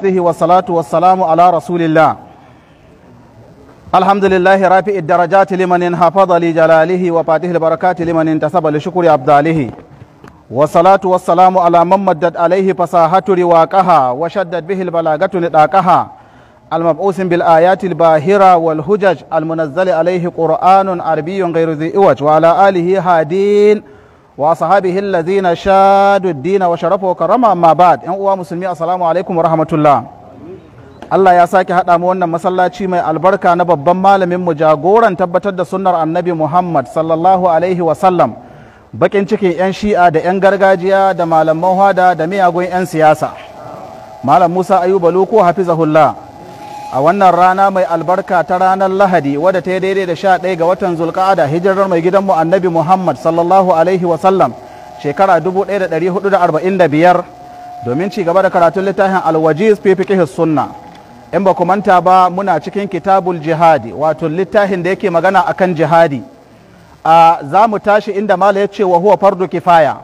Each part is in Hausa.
alaihi wa ala rasulillah alhamdulillah rafi idaraja tilimanin hafaza li jalalihi wa fatih albaraka tilimanin tasaba shukri abdalihi wa salatu wa salamu ala alaihi fasahatu wa shaddad bihi albalagatu nidaqaha المبعوث بالآيات الباهرة والهجج المنزل عليه قرآن عربي غير ذي إوج وعلى آله هادين wa sahabihi alladhina shadu ad-din wa sharafu karama amma yan uwa musulmi assalamu wa rahmatullah Allah ya sake haɗa mu wannan masallaci mai albarka na babban malamin mu jagoran tabbatar da sunnar annabi Muhammad sallallahu alaihi bakin cikin yan shi'a da yan gargajiya da malaman hada da miyagun yan siyasa malam Musa Ayuba Loko hafizahullah a wannan rana mai albarka ta ranar lahadi wadda ta daidai da sha ɗaya ga watan zulka'ada hijirar mai gidanmu annabi muhammad sallallahu alaihi wasallam shekara 1445 domin ci gaba da karatun littafin alwajiz fi fiqh sunna in ba ku manta ba muna cikin kitabul jihadi wato littafin da yake magana akan jihadi a za mu tashi inda mala ya ce wa huwa fardu kifaya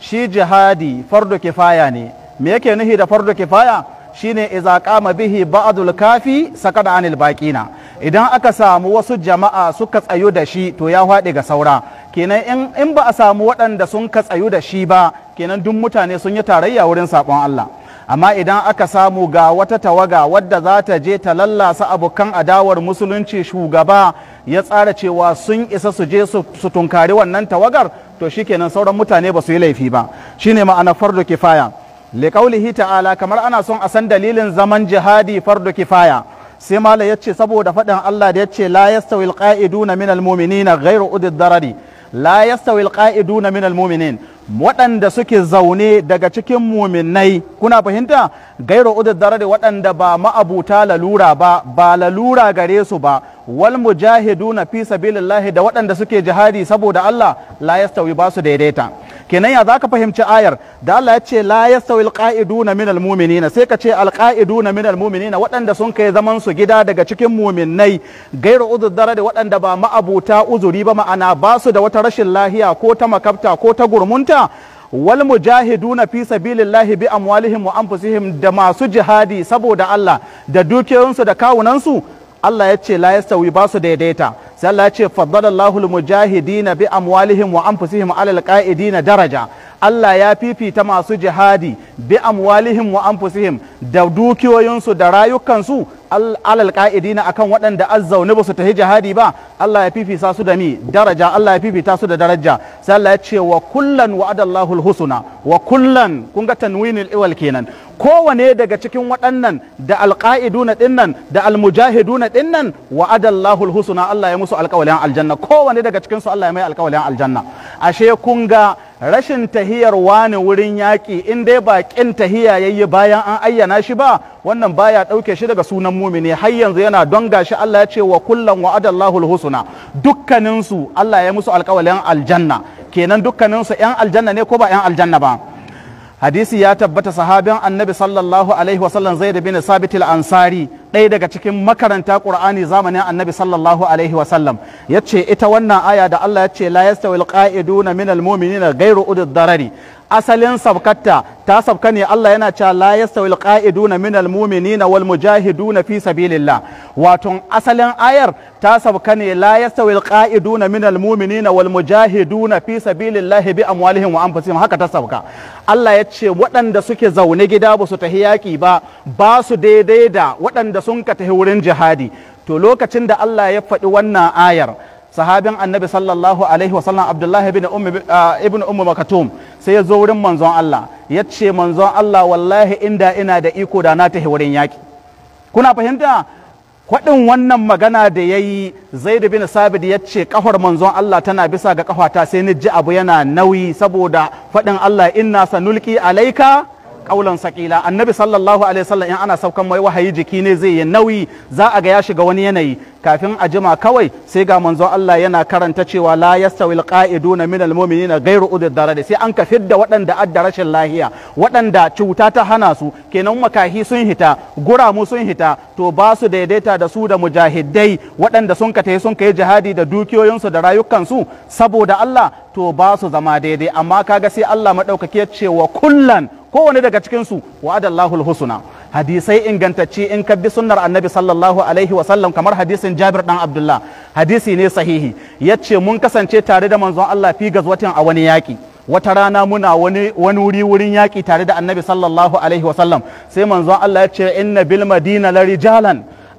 shi jihadi fardu kifaya ne me yake nuhi da fardu kifaya shine iza kama bihi ba'dul kafi sakada anil baqina idan aka samu wasu jama'a suka tsayu da shi to ya haɗe ga saura kenan in ba a samu waɗanda sun ka tsayu da shi ba kenan duk mutane sun yi tarayya wurin saƙon Allah amma idan aka samu ga wata tawaga wadda za ta je ta lallasa abokan adawar musulunci shugaba ya tsara cewa sun isa su je su tunkari wannan tawagar to shikenan sauran mutane ba su yi laifi ba shine ma'ana fardu kifaya liƙaulihi ta'ala kamar ana son a san dalilin zaman jihadi fardu kifaya sai mala ya ce saboda faɗin Allah da ya ce la yastawil qa'iduna minal mu'minina ghairu udid darari la yastawil qa'iduna minal mu'minin waɗanda suke zaune daga cikin muminai kuna fahimta gairo ududdare da waɗanda ba ma'abuta lalura ba ba lalura gare su ba wal na fi sabilillahi da waɗanda suke jihadi saboda Allah la yastawi ba su daidaita kenan ya zaka fahimci ayar da Allah ya ce la yastawi na minal mu'minina sai ka ce na minal mu'minina waɗanda sun kai zaman su gida daga cikin muminai gairo ududdare da waɗanda ba ma'abuta uzuri ba ma'ana ba su da wata rashin lahiya ko ta makabta ko ta gurmunta haka wal mujahiduna fi sabilillahi bi amwalihim wa anfusihim da masu jihadi saboda Allah da dukiyoyinsu da kawunansu Allah ya ce la yastawi ba daidaita sai Allah ya ce faddalallahu almujahidina bi amwalihim wa anfusihim alal qa'idina daraja Allah ya fifita masu jihadi bi amwalihim wa anfusihim da dukiyoyinsu da rayukansu alal qa'idina akan waɗanda azzauni basu su tafi jihadi ba Allah ya fifita su da mi daraja Allah ya fifita su da daraja sai Allah ya ce wa kullan wa'adallahu alhusna wa kullan kun ga iwal kenan kowane daga cikin waɗannan da alqa'iduna dinnan da almujahiduna dinnan wa'adallahu alhusna Allah ya musu su alkawalin aljanna kowane daga cikin su Allah ya mai alkawalin aljanna ashe kun ga rashin tahiyar wani wurin yaƙi in dai ba ƙin tahiya yayi bayan an ayyana shi ba wannan baya ɗauke shi daga sunan mumini har yanzu yana don gashi Allah ya ce wa wa wa'adallahu alhusna dukkanin su Allah ya musu alkawalin aljanna kenan dukkanin su ƴan aljanna ne ko ba ƴan aljanna ba hadisi ya tabbata sahabin annabi sallallahu alaihi wasallam zaid bin sabit al-ansari ɗaya daga cikin makaranta qur'ani zamanin annabi sallallahu alaihi wasallam yace ita wannan aya da Allah yace la yastawil qa'iduna minal mu'minina ghairu udud darari asalin sabkatta ta sabka ne Allah yana cewa la yastawil qa'iduna minal mu'minina wal mujahiduna fi sabilillah wato asalin ayar ta sabka ne la yastawil qa'iduna minal mu'minina wal mujahiduna fi sabilillah bi amwalihim wa anfusihim haka ta sabka Allah ya ce waɗanda suke zaune gida ba su tahi yaki ba ba su daidai da waɗanda sun ka tafi wurin jihadi to lokacin da Allah ya faɗi wannan ayar sahabin annabi sallallahu alaihi wasallam abdullahi ibn ummu ah, ibn ummu makatum sai ya zo wurin manzon Allah ya ce manzon Allah wallahi inda ina da iko da na tahi wurin yaki kuna fahimta kwadin wannan magana da yayi zaid bin sabit ya ce kafar manzon Allah tana bisa ga kafata sai ni ji abu yana nauyi saboda fadin Allah inna sanulki alaika kaulan sakila annabi sallallahu alaihi wasallam in ana saukan mai wahayi jiki ne zai yi nauyi za a ga ya shiga wani yanayi kafin a jima kawai sai ga manzo Allah yana karanta cewa la yastawil qa'iduna minal mu'minina ghairu udud darade sai an ka da waɗanda adda rashin lahiya waɗanda cuta ta hana su kenan makahi sun hita guramu sun hita to ba su daidaita da su da mujahidai waɗanda sun kataye sun kai jihadi da dukiyoyinsu da rayukansu saboda Allah to ba su zama daidai amma kaga sai Allah madaukake ya ce wa kullan kowane daga cikinsu wa'adallahu husna hadisai ingantacci in ka bi sunnar annabi sallallahu alaihi sallam kamar hadisin jabir dan abdullah hadisi ne sahihi yace mun kasance tare da manzon Allah fi gazwatin a wani yaki wata rana muna wani wuri wurin yaki tare da annabi sallallahu alaihi sallam sai manzon Allah yace in inna bil madina la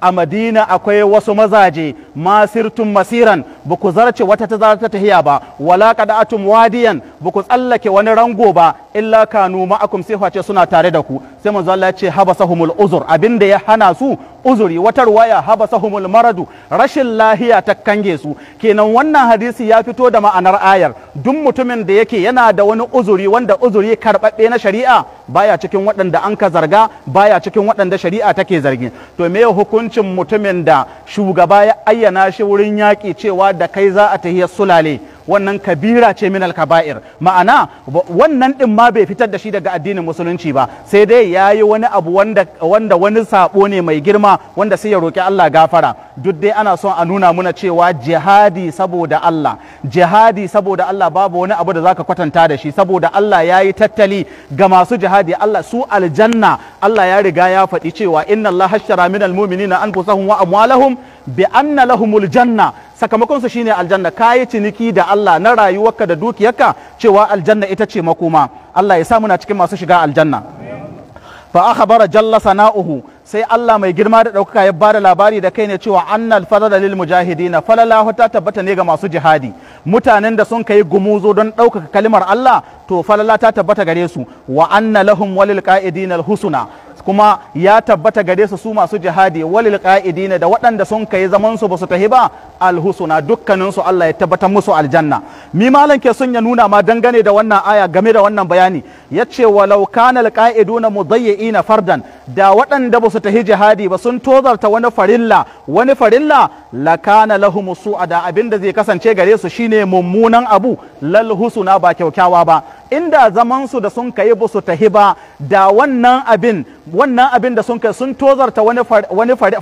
a madina akwai wasu mazaje masirtun masiran ba ku zarce wata ta zarta tahiya ba wala atum wadiyan ba ku tsallake wani rango ba illa kanu ma'akum sai face suna tare da ku sai manzo Allah ya ce habasahumul uzur abinda ya hana su uzuri wata ruwaya habasahumul maradu rashin lahiya ta kange su kenan wannan hadisi ya fito da ma'anar ayar duk mutumin da yake yana da wani uzuri wanda uzuri karɓaɓɓe na shari'a baya cikin waɗanda an ka zarga baya cikin waɗanda shari'a take zargi to me hukuncin mutumin da shugaba ya ayyana shi wurin yaki cewa da kai za a tahiyar sulale wannan kabira ce min kaba'ir ma'ana wannan din ma bai fitar da shi daga addinin musulunci ba sai dai ya yi wani abu wanda, wani sabo ne mai girma wanda sai ya roƙi Allah gafara duk dai ana son a nuna muna cewa jihadi saboda Allah jihadi saboda Allah babu wani abu da zaka kwatanta da shi saboda Allah ya yi tattali ga masu jihadi Allah su aljanna Allah ya riga ya faɗi cewa inna Allah hashtara minal mu'minina anfusahum wa amwalahum bi anna lahumul janna sakamakon su shine aljanna kayi ciniki da Allah na rayuwarka da dukiyarka cewa aljanna ita ce makoma Allah ya sa muna cikin masu shiga aljanna fa akhbara jalla sana'uhu sai Allah mai girma da ɗaukaka ya bada labari da kai ne cewa annal fadala lil mujahidina falalahu ta tabbata ne ga masu jihadi mutanen da sun kai gumuzo don ɗaukaka kalimar Allah to falala ta tabbata gare su wa anna lahum walil qa'idina husuna kuma ya tabbata gare su su masu jihadi walil ne da waɗanda sun kai zaman su basu tahi ba alhusuna dukkanin su Allah ya tabbatar musu aljanna mi malan ke sun ya nuna ma dangane da wannan aya game da wannan bayani yace walau kana alqa'iduna na fardan da waɗanda su tahi jihadi ba sun tozarta wani farilla wani farilla lakana lahum su'a da abinda zai kasance gare su shine mummunan abu lal husuna ba kyaukyawa ba inda zaman su da sun kai su tahi ba da wannan abin wannan abin da sun kai sun tozarta wani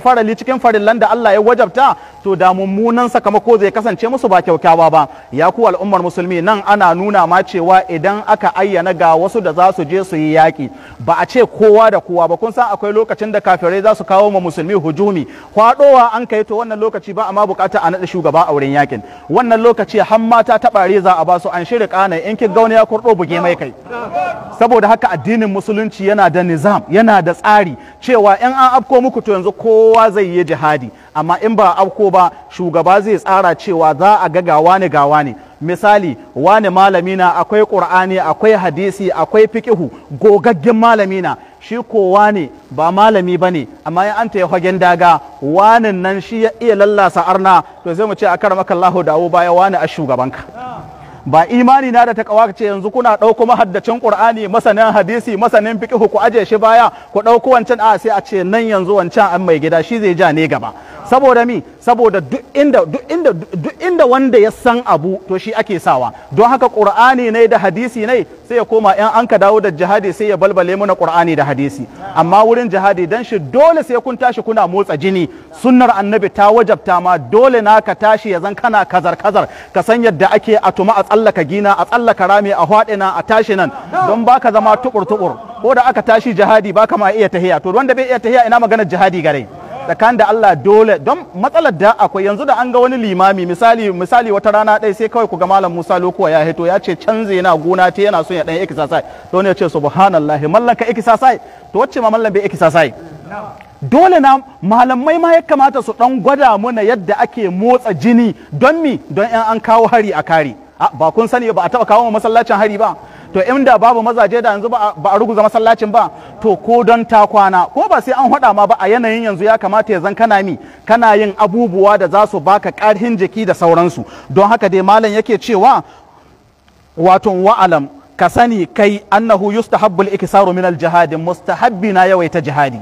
farali cikin farillan da Allah ya wajabta to da mummunan sakamako zai kasance musu ba kyaukyawa ba ya ku al'ummar musulmi nan ana nuna ma cewa idan aka ayyana ga wasu da za su je su yi yaƙi ba a ce kowa da kowa ba kun san akwai lokacin da kafirai za su kawo ma musulmi hujumi kwaɗowa an kai to wannan lokaci ba amma bukata a naɗa shugaba a wurin yakin wannan lokaci har mata ta ɓare za a ba su an shirya ƙana in kin gauna ya kurɗo buge mai kai saboda haka addinin musulunci yana da nizam yana yana da tsari cewa in an afko muku to yanzu kowa zai yi jihadi amma in ba afko ba shugaba zai tsara cewa za a ga gawa ne gawa ne misali wani malami na akwai ƙur'ani akwai hadisi akwai fiƙihu gogaggen malamina shi ko wane ba malami ba ne amma in an taya hagen daga wanin nan shi ya iya lallasa arna to sai mu ce a karamaka Allahu dawo baya wani a shugabanka ba imani na da takawa ce yanzu kuna ɗauko mahaddacin qur'ani masanin hadisi masanin fiqh ku aje shi baya ku ɗauko wancan a sai a ce nan yanzu wancan an mai gida shi zai ja ne gaba saboda mi saboda duk inda duk inda duk inda wanda ya san abu to shi ake sawa don haka qur'ani ne da hadisi ne sai ya koma yan an ka dawo da jihadi sai ya balbale mana qur'ani da hadisi amma wurin jihadi dan shi dole sai kun tashi kuna motsa jini sunnar annabi ta wajabta ma dole na ka tashi ya zan kana kazar kazar ka san yadda ake a tuma a tsallaka gina a tsallaka rami a hwadina a tashi nan don baka zama tukur tukur ko da aka tashi jihadi baka ma iya tahiya to wanda bai iya tahiya ina maganar jihadi gare tsakanin da Allah dole don matsalar da akwai yanzu da an ga wani limami misali misali wata rana ɗaya sai kawai ku ga malam Musa Lokuwa ya hito ya ce canze yana gona ta yana son ya dan exercise to ne ya ce subhanallah mallan ka sai to wacce ma mallan bai sai. dole na malamai ma ya kamata su dan gwada muna yadda ake motsa jini don mi don an kawo hari a kare ba kun sani ba a taba kawo masallacin hari ba to inda babu mazaje da yanzu ba a ruguza masallacin ba to ko don ta kwana ko ba sai an hada ma ba a yanayin yanzu ya kamata ya zan kana mi kana yin abubuwa da za su baka karhin jiki da sauransu don haka dai malam yake cewa wato wa'alam ka sani kai annahu al ikisaru min al-jihad mustahabbi na yawaita jihadi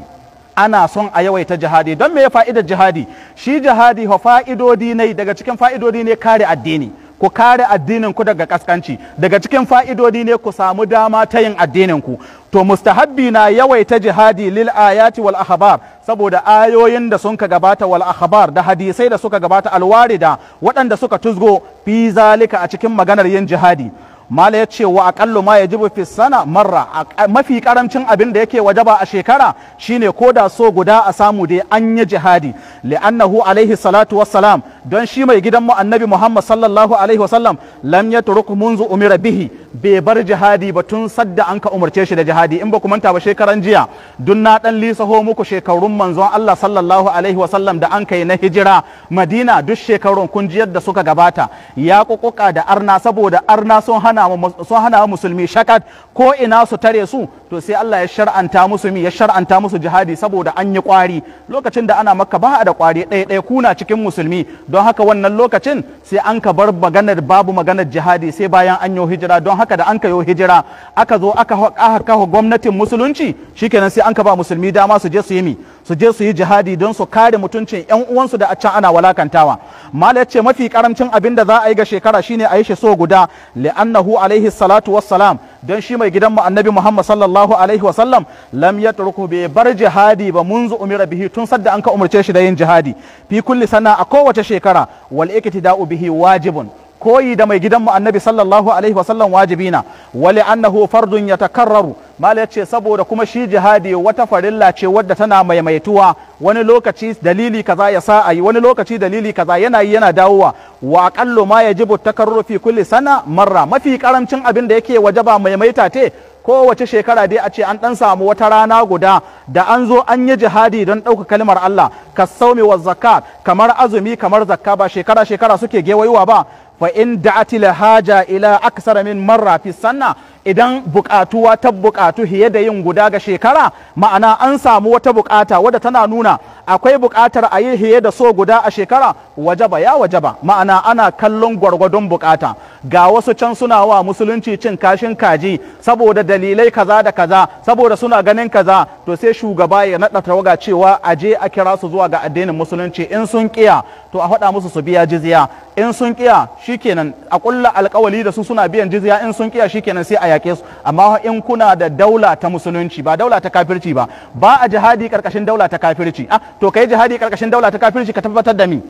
ana son a yawaita jihadi don me ya fa'idar jihadi shi jihadi fa fa'idodi ne daga cikin fa'idodi ne kare addini ku kare addinin ku daga kaskanci daga cikin fa'idodi ne ku samu dama ta yin addinin ku to mustahabbi na yawaita jihadi lil ayati wal ahbar saboda ayoyin da sun ka gabata wal ahbar da hadisai da suka gabata alwarida waɗanda suka tuzgo fi zalika a cikin maganar yin jihadi mala ya ce wa aƙallu ma ya jibu fi sana marra mafi karamcin abin da yake wajaba a shekara shine ko da so guda a samu dai an jihadi li'annahu alaihi salatu wassalam don shi mai gidan mu annabi Muhammad sallallahu alaihi wasallam lam yatruk munzu umira bihi bai bar jihadi ba tun sadda an ka umarce shi da jihadi in ba ku manta ba shekaran jiya dun na dan lisaho muku shekarun manzon Allah sallallahu alaihi wasallam da an kai na hijira Madina duk shekarun kun da suka gabata ya kukuka da arna saboda arna sun hana sun hana musulmi shakat ko ina su tare su to sai Allah ya shar'anta musu ya shar'anta musu jihadi saboda an yi kwari lokacin da ana makka ba a da kwari ɗaya ɗaya kuna cikin musulmi don haka wannan lokacin sai an ka bar maganar babu maganar jihadi sai bayan an yi hijira don haka da an ka yi hijira aka zo aka kawo gwamnatin musulunci shi shikenan sai an ka ba musulmi dama su je su yi su je su yi jihadi don su kare mutuncin yan uwansu da a can ana walakantawa mal ya ce mafi karamcin abin da za a yi ga shekara shine a yi shi so guda li'annahu alaihi salatu wassalam don shi mai gidanmu annabi Muhammad sallallahu alaihi wasallam lam yatruku bai bar jihadi ba munzu umira bihi tun sadda an ka umarce shi da yin jihadi fi kulli sana a kowace shekara wal iktida'u bihi wajibun koyi da mai gidanmu annabi sallallahu alaihi wasallam wajibi na wali annahu fardun ya takarraru mala ya ce saboda kuma shi jihadi wata farilla ce wadda tana maimaituwa wani lokaci dalili kaza ya sa ayi wani lokaci dalili kaza yana yi yana dawowa wa aqallu ma yajibu takarruru fi kulli sana marra mafi karamcin abin da yake wajaba maimaita te kowace shekara dai a ce an dan samu wata rana guda da an zo an yi jihadi don ɗauka kalmar Allah ka saumi wa zakat kamar azumi kamar zakka ba shekara shekara suke gewayowa ba وإن دعت لهاجة إلى أكثر من مرة في السنة idan buƙatuwa ta buƙatu fiye da yin guda ga shekara ma'ana an samu wata bukata wadda tana nuna akwai bukatar a yi fiye da so guda a shekara wajaba ya wajaba ma'ana ana kallon gwargwadon bukata ga wasu can suna wa musulunci cin kashin kaji saboda dalilai kaza da kaza saboda suna ganin kaza to sai shugaba ya naɗa tawaga cewa a je a kira su zuwa ga addinin musulunci in sun kiya to a faɗa musu su biya jizya in sun kiya shikenan a ƙulla alƙawali da su suna biyan jizya in sun kiya shikenan sai a yaƙe su amma in kuna da daula ta musulunci ba daula ta kafirci ba ba a jihadi karkashin daula ta kafirci ah to kai jihadi karkashin daula ta kafirci ka tabbatar da mi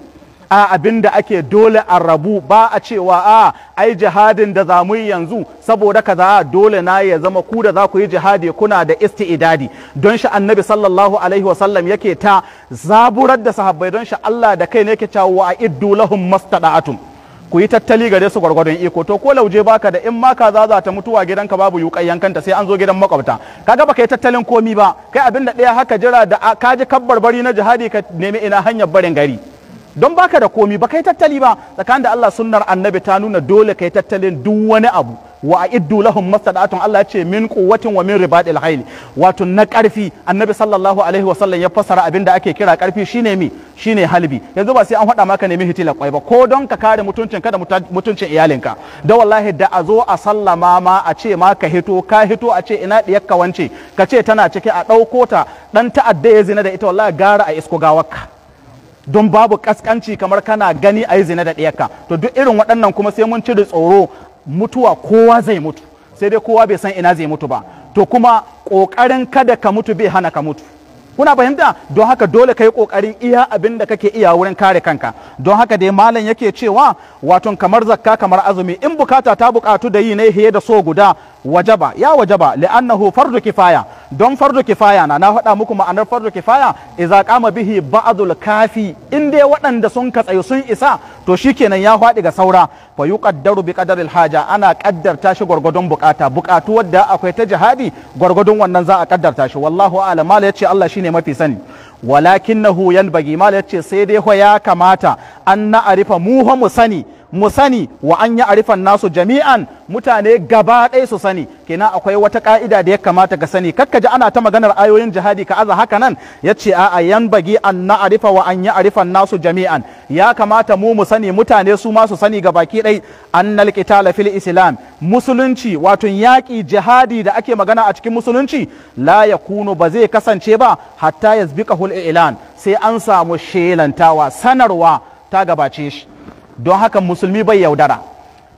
a abin ake dole a rabu ba a cewa a ai jihadin da za mu yi yanzu saboda kaza dole na ya zama ku da za ku yi jihadi kuna da isti'idadi don shi annabi sallallahu alaihi wasallam yake ta zaburar da sahabbai don shi Allah da kai ne yake cewa a iddu lahum mastada'atum ku yi tattali gare su gwargwadon iko to ko lauje baka da in ma kaza za ta mutuwa ka babu yukan yankanta sai an zo gidan makwabta kaga baka yi tattalin komi ba kai abin da ɗaya haka jira da ka ji kabbar bari na jihadi ka nemi ina hanyar barin gari don baka da komi baka yi tattali ba tsakanin da Allah sunnar annabi ta nuna dole ka yi tattalin duk wani abu wa iddu lahum mastata'tum Allah ya ce min quwwatin wa min ribatil hayl wato na karfi annabi sallallahu alaihi wa sallam ya fassara abin ake kira karfi shine mi shine halbi yanzu ba sai an faɗa maka nemi hitila kwai ba ko don ka kare mutuncin kada mutuncin iyalinka da wallahi da a zo a sallama ma a ce ma ka hito ka hito a ce ina ka wance ka ce tana ciki. a ɗauko ta dan ta'adda ya zina da ita wallahi gara a isko gawarka don babu kaskanci kamar kana gani a yi zina da ɗiyarka to duk irin waɗannan kuma sai mun cire tsoro mutuwa kowa zai mutu sai dai kowa bai san ina zai mutu ba to kuma ƙoƙarin kada ka mutu bai hana ka mutu kuna fahimta don haka dole ka yi ƙoƙarin iya abin da kake iya wurin kare kanka don haka dai malam yake cewa waton kamar zakka kamar azumi in bukata ta bukatu da yi ne da so guda wajaba ya wajaba li'annahu fardu kifaya don fardu kifaya na na faɗa muku ma'anar fardu kifaya idza qama bihi ba'dul kafi in dai waɗanda sun katsayu sun isa to shikenan ya faɗi ga saura fa yuqaddaru bi qadaril haja ana kaddarta shi gwargwadon bukata bukatu wadda akwai ta jihadi gwargwadon wannan za a kaddarta shi wallahu a'lam mal yace Allah shine mafi sani walakinahu yanbagi mal yace sai dai ya kamata an na arifa mu mu sani mu sani wa an ya arifan nasu jami'an mutane gaba ɗaya su sani kenan akwai wata ka'ida da ya kamata ka sani kakka ji ana ta maganar ayoyin jihadi ka aza haka nan ya ce a'a yan bagi an na arifa wa an ya arifan nasu jami'an ya kamata mu mu sani mutane su ma su sani ga baki ɗai annal qitala fil islam musulunci wato yaƙi jihadi da ake magana a cikin musulunci la kuno ba zai kasance ba hatta ya al ilan sai an samu shelantawa sanarwa ta gabace shi don haka musulmi bai yaudara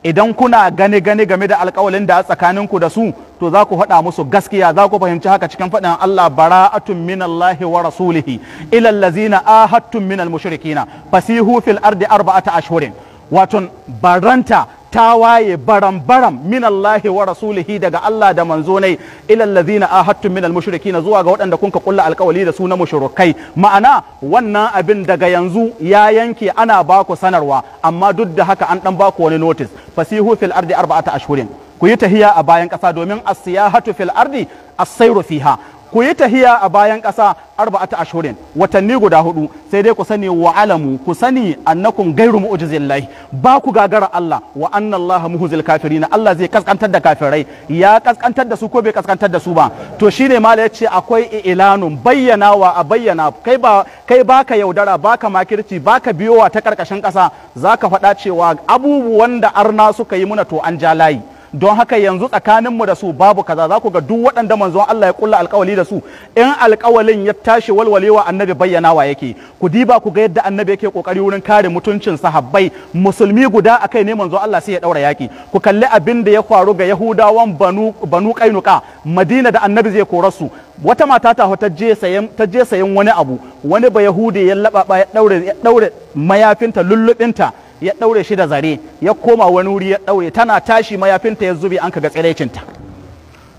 idan kuna gane gane game da alkawalin da tsakaninku da su to za ku faɗa musu gaskiya za ku fahimci haka cikin faɗin Allah bara'atun min Allah wa rasulihi ila allazina ahadtum min al mushrikina fasihu fil ardi arba'ata ashhurin waton baranta tawaye baram baram minallahi Allahi wa rasulihi daga Allah da manzonai, ne ilal ladina ahadtum min al-mushrikina zuwa ga waɗanda kunka kulla alkawali da su na mushrikai ma'ana wannan abin daga yanzu ya yanke ana baku sanarwa amma duk da haka an dan baku wani notis. fasihu fil ardi arba'ata ashhurin ku yi tahiya a bayan ƙasa domin as-siyahatu fil ardi as-sayru fiha ku yi tahiya a bayan ƙasa arba'ata ashurin watanni guda hudu sai dai ku sani wa alamu ku sani annakun gairu mu'jizillahi ba ku gagara Allah wa anna Allah muhzil na. Allah zai kaskantar da kafirai ya kaskantar da su ko bai kaskantar da su ba to shine mala ce akwai ilanun bayyanawa a bayyana kai ba kai baka yaudara baka makirci baka biyowa ta karkashin ƙasa zaka faɗa cewa abubuwan da arna suka yi muna to an ja layi don haka yanzu tsakanin mu da su babu kaza za ku ga duk waɗanda manzon Allah ya kulla alƙawali da su in alƙawalin ya tashi walwalewa annabi bayyanawa yake ku diba ku ga yadda annabi yake kokari wurin kare mutuncin sahabbai musulmi guda akai ne manzo Allah sai ya daura yaki ku kalli abin da ya faru ga yahudawan banu banu kainuka madina da annabi zai kora su wata mata ta ta je sayan ta je sayan wani abu wani ba yahudi ya lababa ya daure ya daure mayafinta lullubinta ya ɗaure shi da zare ya koma wani wuri ya ɗaure tana tashi mayafinta ya zube an kaga tsiraicinta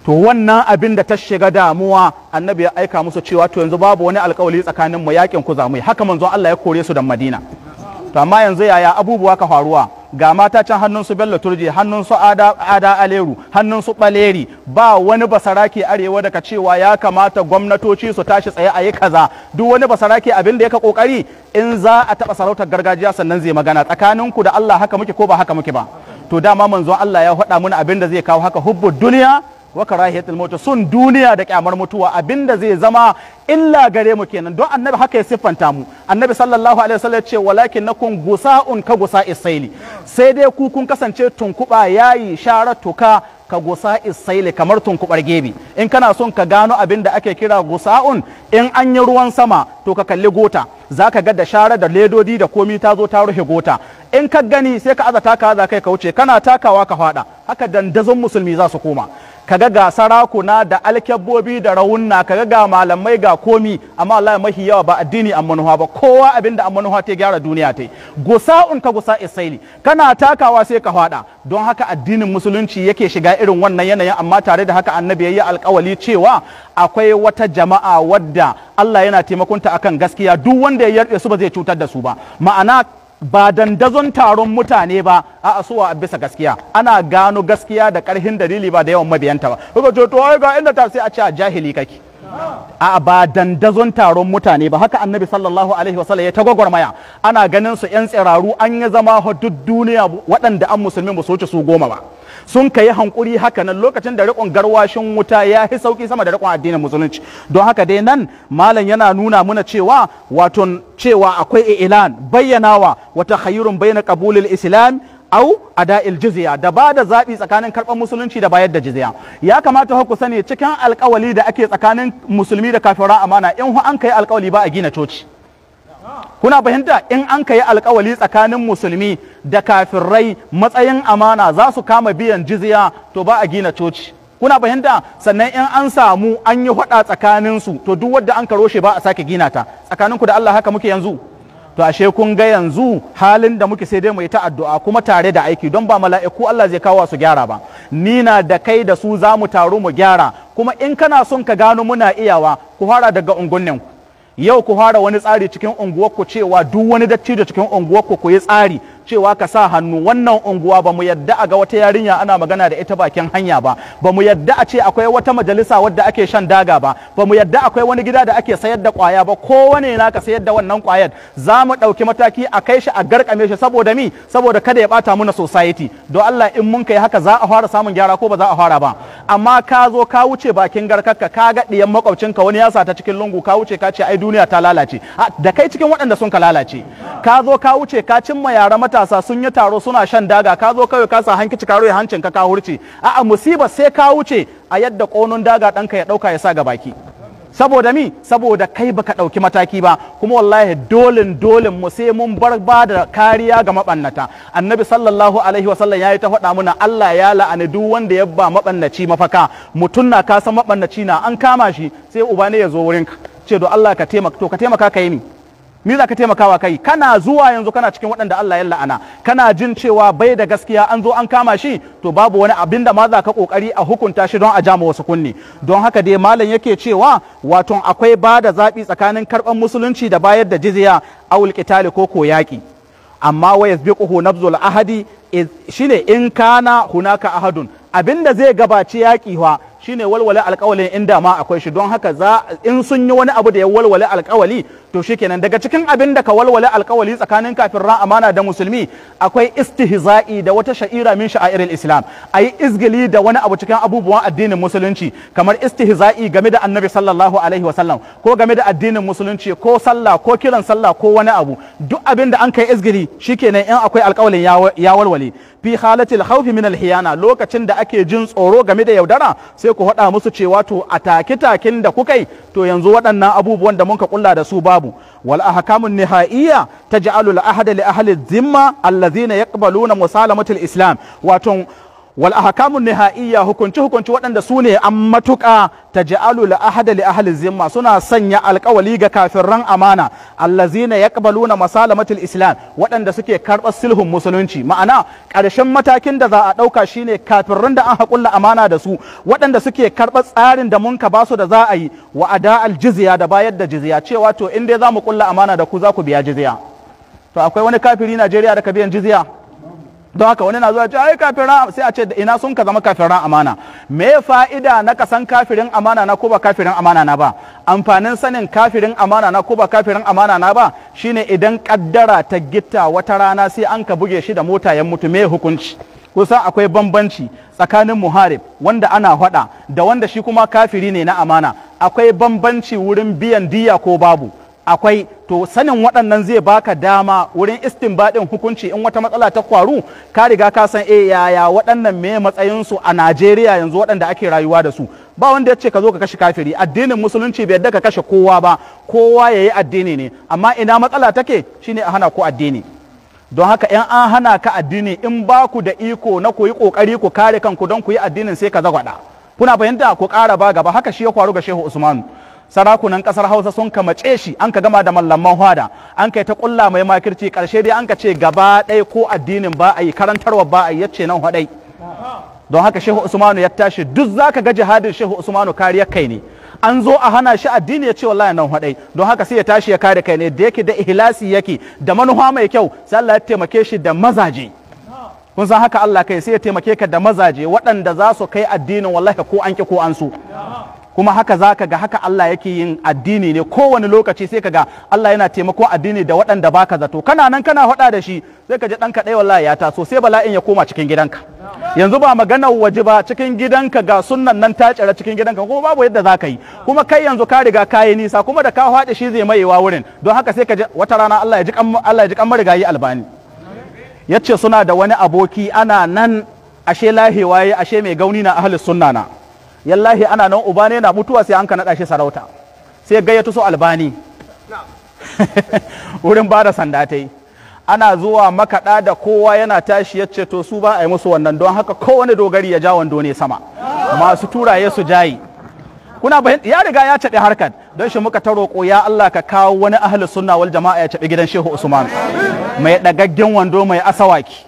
to wannan abin da ta shiga damuwa annabi ya aika musu cewa to yanzu babu wani alkawali tsakanin mu yakin ku zamu haka manzon Allah ya kore su da Madina to amma yanzu yaya abubuwa ka faruwa ga mata can hannun su bello turje hannun su ada, aleru hannun su baleri ba wani basarake arewa daga cewa ya kamata gwamnatoci su tashi tsaye a yi kaza duk wani basarake abin da ya ka kokari in za a taba sarautar gargajiya sannan zai magana tsakanin ku da Allah haka muke ko ba haka muke ba to dama manzon Allah ya faɗa mana abin da zai kawo haka hubbu duniya wa karahiyatul maut sun duniya da kyamar mutuwa abinda zai zama illa gare mu kenan don annabi haka ya siffanta mu annabi sallallahu alaihi wasallam ce walakin nakun gusa'un ka gusa isaili sai dai ku kun kasance tunkuba yayi sharatuka ka gusa isaili kamar tunkubar gebe in kana son ka gano abin da ake kira gusa'un in an yi ruwan sama to ka kalli gota za ka ga da share da ledodi da komi ta zo ta rufe gota in ka gani sai ka aza ka za kai ka wuce kana takawa ka fada haka dandazon musulmi za su koma Ka ga sarakuna da alkyabbobi da raunna Ka ga malamai ga komi amma Allah mahi yawa ba addini an manuwa ba kowa abinda da manuwa ta gyara duniya ta yi. Gusa un ka gusa isaili kana takawa sai ka fada don haka addinin musulunci yake shiga irin wannan yanayin amma tare da haka annabi ya yi alkawali cewa akwai wata jama'a wadda Allah yana taimakonta akan gaskiya duk wanda ya yarda su ba zai cutar da su ba ma'ana ba dandazon taron mutane ba a asuwa bisa gaskiya ana gano gaskiya da karhin dalili ba da yawan mabiyanta ba kuka to ai ga inda ta sai a ce a jahili kake a ba dandazon taron mutane ba haka annabi sallallahu alaihi wasallam ya tagwagwarmaya ana ganin su yan tsiraru an ya zama duk duniya waɗanda an musulmi ba su wuce su goma ba sun kai hankuri haka nan lokacin da rikon garwashin wuta ya fi sauki sama da rikon addinin musulunci don haka dai nan malam yana nuna muna cewa wato cewa akwai ilan bayyanawa wata khayrun bayna qabulul islam au ada'il jizya da ba da zaɓi tsakanin karɓar musulunci da bayar da jizya ya kamata ku sani cikin alkawali da ake tsakanin musulmi da kafiran amana in hu an kai alkawali ba a gina coci kuna fahimta in an kai alkawali tsakanin musulmi da kafirai matsayin amana za su kama biyan jizya to ba a gina coci kuna fahimta sannan in an samu an yi hada tsakaninsu to duk wadda an karo shi ba a sake gina ta tsakaninku da Allah haka muke yanzu to ashe kun ga yanzu halin da muke sai dai mu yi ta addu'a kuma tare da aiki don ba mala'iku Allah zai kawo su gyara ba ni na da kai da su za mu taru mu gyara kuma in kana son ka gano muna iyawa ku fara daga ungunnin yau ku fara wani tsari cikin unguwarku cewa duk wani dattijo cikin unguwarku ku yi tsari cewa ka sa hannu wannan unguwa ba mu yadda a ga wata yarinya ana magana da ita bakin hanya ba ba mu yadda a ce akwai wata majalisa wadda ake shan daga ba ba mu yadda akwai wani gida da ake sayar da kwaya ba ko kowane na ka sayar da wannan kwayar za mu ɗauki mataki a kai shi a garkame shi saboda mi saboda kada ya bata muna society don Allah in mun kai haka za a fara samun gyara ko ba za a fara ba amma ka zo ka wuce bakin garkarka ka ga ɗiyan makwabcinka wani ya sata cikin lungu ka wuce ka ce ai duniya ta lalace da kai cikin waɗanda sun ka lalace ka zo ka wuce ka cimma yara mata matasa sun yi taro suna shan daga ka zo kawai ka sa hankici ka roye hancin ka ka hurci a'a musiba sai ka wuce a yadda konon daga ɗanka ya ɗauka ya sa ga baki saboda mi saboda kai baka ɗauki mataki ba kuma wallahi dolin dolin mu sai mun bar ba da kariya ga mabannata annabi sallallahu alaihi wasallam yayi ta faɗa muna Allah ya la'ani duk wanda ya ba mabannaci mafaka mutun na kasan mabannaci na an kama shi sai uba ne ya zo wurinka ce do Allah ka taimaka to ka taimaka ka yi ni Miza za ka taimakawa kai kana zuwa yanzu kana cikin waɗanda Allah ya la'ana kana jin cewa bai da gaskiya an zo an kama shi to babu wani abin da ma za ka kokari a hukunta shi don a jama wasu kunni don haka dai malam yake cewa wato akwai ba da zaɓi tsakanin karɓar musulunci da bayar da jizya awul wulƙitali ko ko yaƙi amma wa yasbiquhu nabzul ahadi shine in kana hunaka ahadun abinda zai gabaci yaƙi wa shine walwale alƙawalin inda ma akwai shi don haka za in sun yi wani abu da ya walwale alƙawali to shikenan daga cikin abin da ka walwale alkawali tsakanin kafin ran amana da musulmi akwai istihza'i da wata sha'ira min sha'airil islam ayi izgili da wani abu cikin abubuwan addinin musulunci kamar istihza'i game da annabi sallallahu alaihi wasallam ko game da addinin musulunci ko sallah ko kiran sallah ko wani abu duk abin da an kai izgili shikenan in akwai alkawalin ya walwale fi halatil khawfi min alhiyana lokacin da ake jin tsoro game da yaudara sai ku haɗa musu cewa to a take takin da yi to yanzu waɗannan abubuwan da muka kulla da su babu babu wal ahkamun nihaiya taj'alu al ahada li ahli dhimma alladhina yaqbaluna musalamatul islam wato wal ahkamun nihaiya hukunci hukunci waɗanda su ne an matuƙa taj'alu la ahada li ahli zimma suna sanya alƙawali ga kafirran amana allazina yaqbaluna masalamatul islam waɗanda suke karɓar sulhun musulunci ma'ana ƙarshen matakin da za a ɗauka shine kafirran da an haƙulla amana da su waɗanda suke karɓar tsarin da mun ka basu da za a yi wa ada al jizya da bayar da jizya cewa to in dai za mu ƙulla amana da ku za ku biya jizya to akwai wani kafiri Najeriya da ka biyan jizya don haka wani na zuwa ce ai kafiran sai a ce ina sun ka zama kafiran amana me fa'ida na san kafirin amana na ko ba kafirin amana na ba amfanin sanin kafirin amana na ko ba kafirin amana na ba shine idan kaddara ta gitta wata rana sai an ka buge shi da mota ya mutu me hukunci kusan akwai bambanci tsakanin muharib wanda ana hwada da wanda shi kuma kafiri ne na amana akwai bambanci wurin biyan diya ko babu akwai to sanin waɗannan zai baka dama wurin baɗin hukunci in wata matsala ta kwaru ka riga ka san eh yaya waɗannan me matsayin su a Najeriya yanzu waɗanda ake rayuwa da su ba wanda ya ce ka zo ka kashe kafiri addinin musulunci bai yadda ka kashe kowa ba kowa yayi addini ne amma ina matsala take shine a hana ko addini don haka in an hana ka addini in ba ku da iko na ku yi kokari ku kare kanku don ku yi addinin sai ka zagwada kuna fahimta ku ƙara ba gaba haka shi ya kwaru ga Shehu Usman sarakunan kasar hausa sun kamace shi an ka gama da mallaman hada an kai ta kulla mai makirci karshe dai an ka ce gaba ɗaya ko addinin ba a yi karantarwa ba a yi yace nan hwadai don haka shehu usmanu ya tashi duk zaka ga jihadin shehu usmanu kariyar kai ne an zo a hana shi addini ya ce wallahi nan hwadai don haka sai ya tashi ya kare kai ne da yake da ihlasi yake da manufa mai kyau sai Allah ya taimake shi da mazaje kun san haka Allah kai sai ya taimake ka da mazaje waɗanda za su kai addinin wallahi ko an ki ko an su kuma haka za ka ga haka Allah yake yin addini ne kowane lokaci sai ka ga Allah yana taimako addini da waɗanda ba ka zato kana nan kana haɗa da shi sai ka ji ɗanka ɗaya wallahi ya taso sai bala'in ya koma cikin gidanka yanzu ba magana waje ba cikin gidanka ga sunnan nan ta tsira cikin gidanka kuma babu yadda za ka yi kuma kai yanzu ka riga ka yi nisa kuma da ka faɗi shi zai mayewa wurin don haka sai ka ji wata rana Allah ya ji kan Allah ya ji kan yi albani yace suna da wani aboki ana nan ashe lahewa ashe mai gauni na ahlus sunna na yallahi ana nan uba ne na mutuwa sai an ka naɗa shi sarauta sai gayyato su albani wurin bada da sanda ta yi ana zuwa makaɗa da kowa yana tashi ya ce to su ba a yi musu wannan don haka kowane dogari ya ja wando ne sama masu turaye su jayi kuna ya riga ya caɓe harkan, don shi muka ta roƙo ya Allah ka kawo wani ahli sunna wal jama'a ya caɓe gidan Shehu Usman mai ɗagaggen wando mai asawaki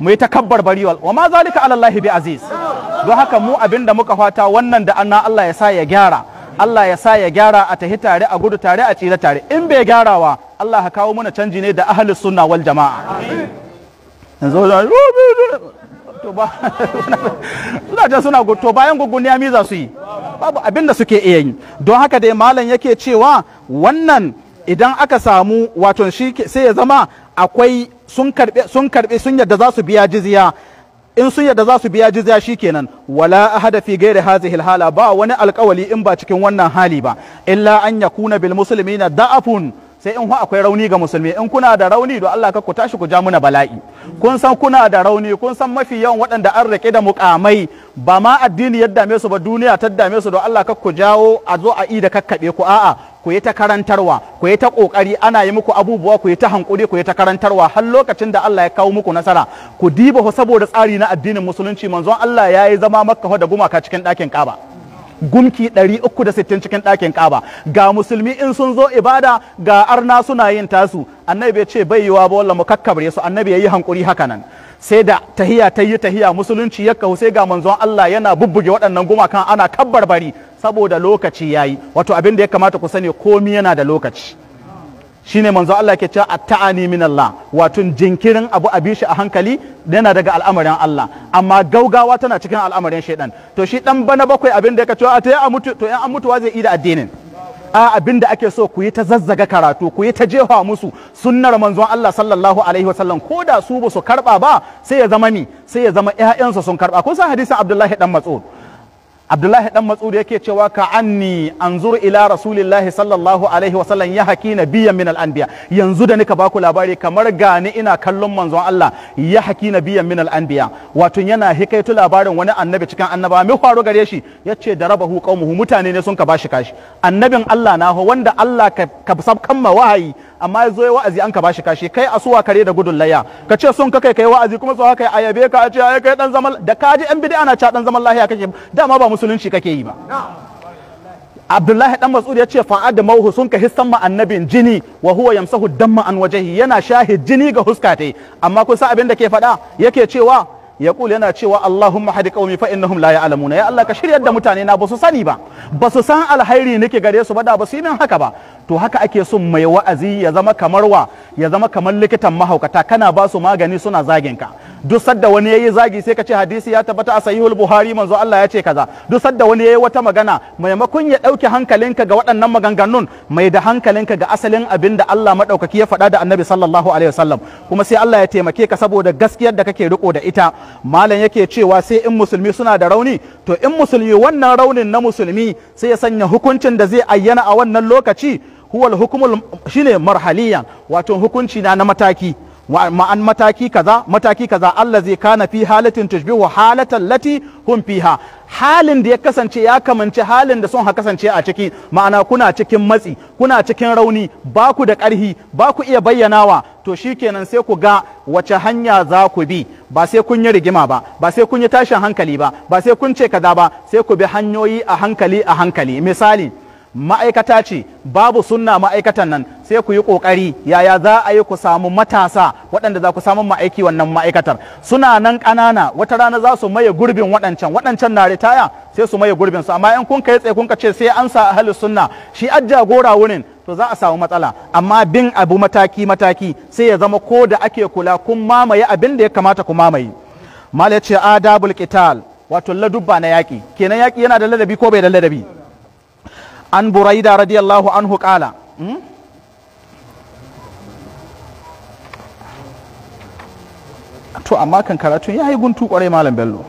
mai takabbar bariwal wa ma zalika ala Allah bi aziz don haka mu abin da muka fata wannan da anna Allah ya sa ya gyara Allah ya sa ya gyara a tahi tare a gudu tare a tsira tare in bai gyarawa Allah ha kawo mana canji ne da ahli sunna wal jama'a yanzu to ba suna ta suna to bayan gugguniya mi za su yi babu abin da suke iya yi don haka dai malam yake cewa wannan idan aka samu wato shi sai ya zama akwai sun karbe sun karbe sun yadda za su biya jizya in sun yadda za su biya jizya shikenan wala ahada fi ghairi hadhihi alhala ba wani alkawali in ba cikin wannan hali ba illa an yakuna bil muslimina da'afun sai in akwai rauni ga musulmi in kuna da rauni Do Allah ka ku tashi ku ja muna bala'i kun san kuna da rauni kun san mafi yawan waɗanda an rike da mukamai ba ma addini ya dame su ba duniya ta dame su Do Allah ka ku jawo a zo a i da kakkaɓe ku a'a ku yi ta karantarwa ku yi ta kokari ana yi muku abubuwa ku yi ta hankuri ku yi ta karantarwa har lokacin da Allah ya kawo muku nasara ku diba saboda tsari na addinin musulunci manzon Allah ya yi zama makka da gumaka cikin ɗakin kaba gumki 360 cikin ɗakin kaba ga musulmi in sun zo ibada ga arna suna yin tasu annabi ya ce bai yiwa ba wallahi mu kakkabre su annabi yayi hankuri haka nan sai da tahiya ta yi tahiya musulunci ya kahu sai ga manzon Allah yana bubbuge waɗannan gumakan ana kabbar bari saboda lokaci ya yi. wato abin da ya kamata ku sani komi yana da lokaci Shi ne manzon Allah ke cewa a ta'ani min Allah wato jinkirin abu a bishi a hankali yana daga al'amarin Allah amma gaugawa tana cikin al'amarin shaidan to shi dan bana bakwai abin da ya kacewa a ta mutu to in an mutuwa zai yi da addinin a abin da ake so ku yi ta zazzaga karatu ku yi ta jefa musu sunnar manzon Allah sallallahu alaihi wasallam ko da su ba su karba ba sai ya zama mi sai ya zama ƴaƴansa sun karba kun san hadisin Abdullahi dan Mas'ud abdullahi dan matsuri yake cewa ka anni anzur ila rasulillahi sallallahu alaihi wa sallam ya haki biyan min al'anbiya yanzu da nika baku labari kamar gani ina kallon manzon Allah ya haki biyan min al'anbiya wato yana hikaitu labarin wani annabi cikin annaba mai faru gare shi yace da rabahu qaumuhu mutane ne sun ka bashi kashi annabin Allah na ho wanda Allah ka sabkan ma wahayi amma ya zo ya wa'azi an ka bashi kashi kai asuwa kare da gudun laya ka ce sun ka kai kai wa'azi kuma so haka ayabe ka a ce ai kai dan zaman da kaji yan bid'a ana ca dan zaman lahiya kake dama ba musulunci kake yi ba abdullahi dan mas'ud ya ce fa'ad mauhu sun ka hissan annabin jini wa huwa yamsahu damma an wajhi yana shahi jini ga huska tai amma kun san abin da ke faɗa yake cewa ya kula yana cewa Allahumma hadi qaumi fa innahum la ya'lamuna ya Allah ka shiryar da mutane na su sani ba ba su san alhairi nake gare su ba da basu yi min haka ba to haka ake son mai wa'azi ya zama kamar wa ya zama kamar likitan mahaukata kana ba su magani suna zagin ka duk sadda wani yayi zagi sai kace hadisi ya tabbata a sahihul buhari manzo Allah ya ce kaza duk sadda wani yayi wata magana maimakon ya dauke hankalinka ga waɗannan maganganun mai da hankalinka ga asalin abin da Allah madaukaki ya faɗa da annabi sallallahu alaihi wasallam kuma sai Allah ya taimake ka saboda gaskiyar da kake riko da ita malam yake cewa sai in musulmi suna da rauni to in musulmi wannan raunin na musulmi sai ya sanya hukuncin da zai ayyana a wannan lokaci huwal hukumul shine marhaliyan wato hukunci na na mataki ma'an mataki kaza mataki kaza Allah zai kana fi halatin tushbihu halatan lati hum fiha halin da ya kasance ya kamance halin da sun ha kasance a ciki ma'ana kuna cikin matsi kuna cikin rauni ba ku da ƙarhi ba ku iya bayyanawa to shikenan sai ku ga wace hanya za ku bi ba sai kun yi rigima ba ba sai kun yi tashin hankali ba ba sai kun ce kaza ba sai ku bi hanyoyi a hankali a hankali misali ma'aikata ce babu sunna ma'aikatan nan sai ku yi kokari yaya za a yi ku samu matasa waɗanda za ku samu ma'aiki wannan ma'aikatar suna nan ƙanana wata rana za su maye gurbin waɗancan waɗancan na ritaya sai su maye gurbin su amma in kun kai tsaye kun ka ce sai an sa ahlus sunna shi ajja gora wurin to za a samu matsala amma bin abu mataki mataki sai ya zama ko da ake kula kun mamaye abin da ya kamata ku mamaye mal ya ce adabul qital wato ladubba na yaƙi kenan yaƙi yana da ladabi ko bai da ladabi an buraida radiyallahu anhu qala to amma kan karatu ya yi guntu kwarai malam bello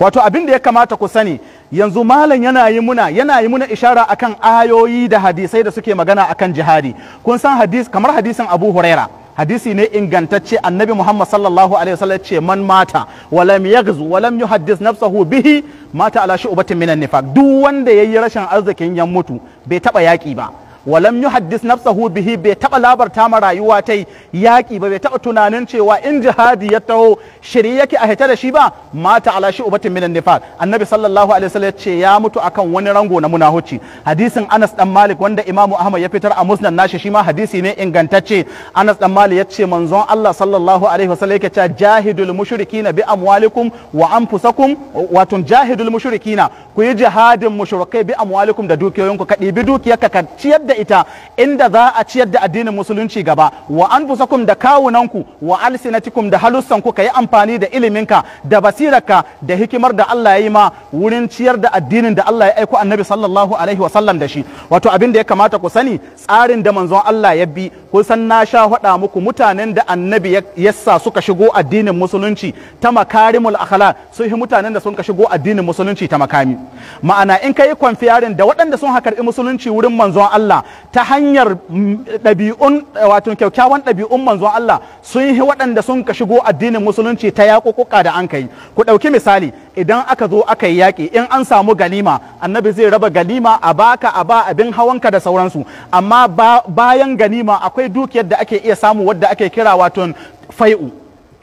wato abin da ya kamata ku sani yanzu malam yana yi muna yana yi muna ishara akan ayoyi da hadisai da suke magana akan jihadi kun san hadis kamar hadisin abu huraira hadisi ne ingantacce annabi muhammad sallallahu alaihi wasallam ce man mata walam wala walam yuhaddis nafsahu bihi mata ala shu'batin minan nifaq duk wanda yayi rashin arzikin yan mutu bai taba yaki ba walam yuhaddis nafsahu bihi bai taba labarta ma rayuwa ta yaki ba bai taba tunanin cewa in jihadi ya taho shiri yake a hita da shi ba mata ala shi ubatin minan nifaq annabi sallallahu alaihi wasallam ce ya mutu akan wani rango na munahuci hadisin Anas dan Malik wanda Imam Ahmad ya fitar a Musnad nashi shi ma hadisi ne ingantacce Anas dan Malik ya ce manzon Allah sallallahu alaihi wasallam yake cewa jahidul mushrikina bi amwalikum wa anfusakum wato jahidul mushrikina ku yi jihadin mushrikai bi amwalikum da dukiyoyinku ka ɗibi dukiyarka ka ciyar da da ita inda za a ciyar da addinin musulunci gaba wa kum da kawunanku wa alsinatikum da halussanku ka yi amfani da iliminka da basirarka da hikimar da Allah ya yi ma wurin ciyar da addinin da Allah ya aiko annabi sallallahu alaihi wa sallam da shi wato abin da ya kamata ku sani tsarin da manzon Allah ya bi kusan na sha hada muku mutanen da annabi yassa suka shigo addinin musulunci ta makarimul akhlaq sun yi mutanen da sun ka shigo addinin musulunci ta makami ma'ana in kai kwanfiyarin da waɗanda sun hakarbi musulunci wurin manzon Allah ta hanyar mm, ɗabi'un eh, wato kyakkyawan ɗabi'un manzon Allah sun yi waɗanda sun ka shigo addinin musulunci ta yaƙuƙuƙa da an kai ku ɗauki misali idan aka zo aka yi yaƙi in an samu ganima annabi zai raba ganima a baka a ba abin hawanka da sauransu amma bayan ganima akwai dukiyar da ake iya samu wadda ake kira wato fai'u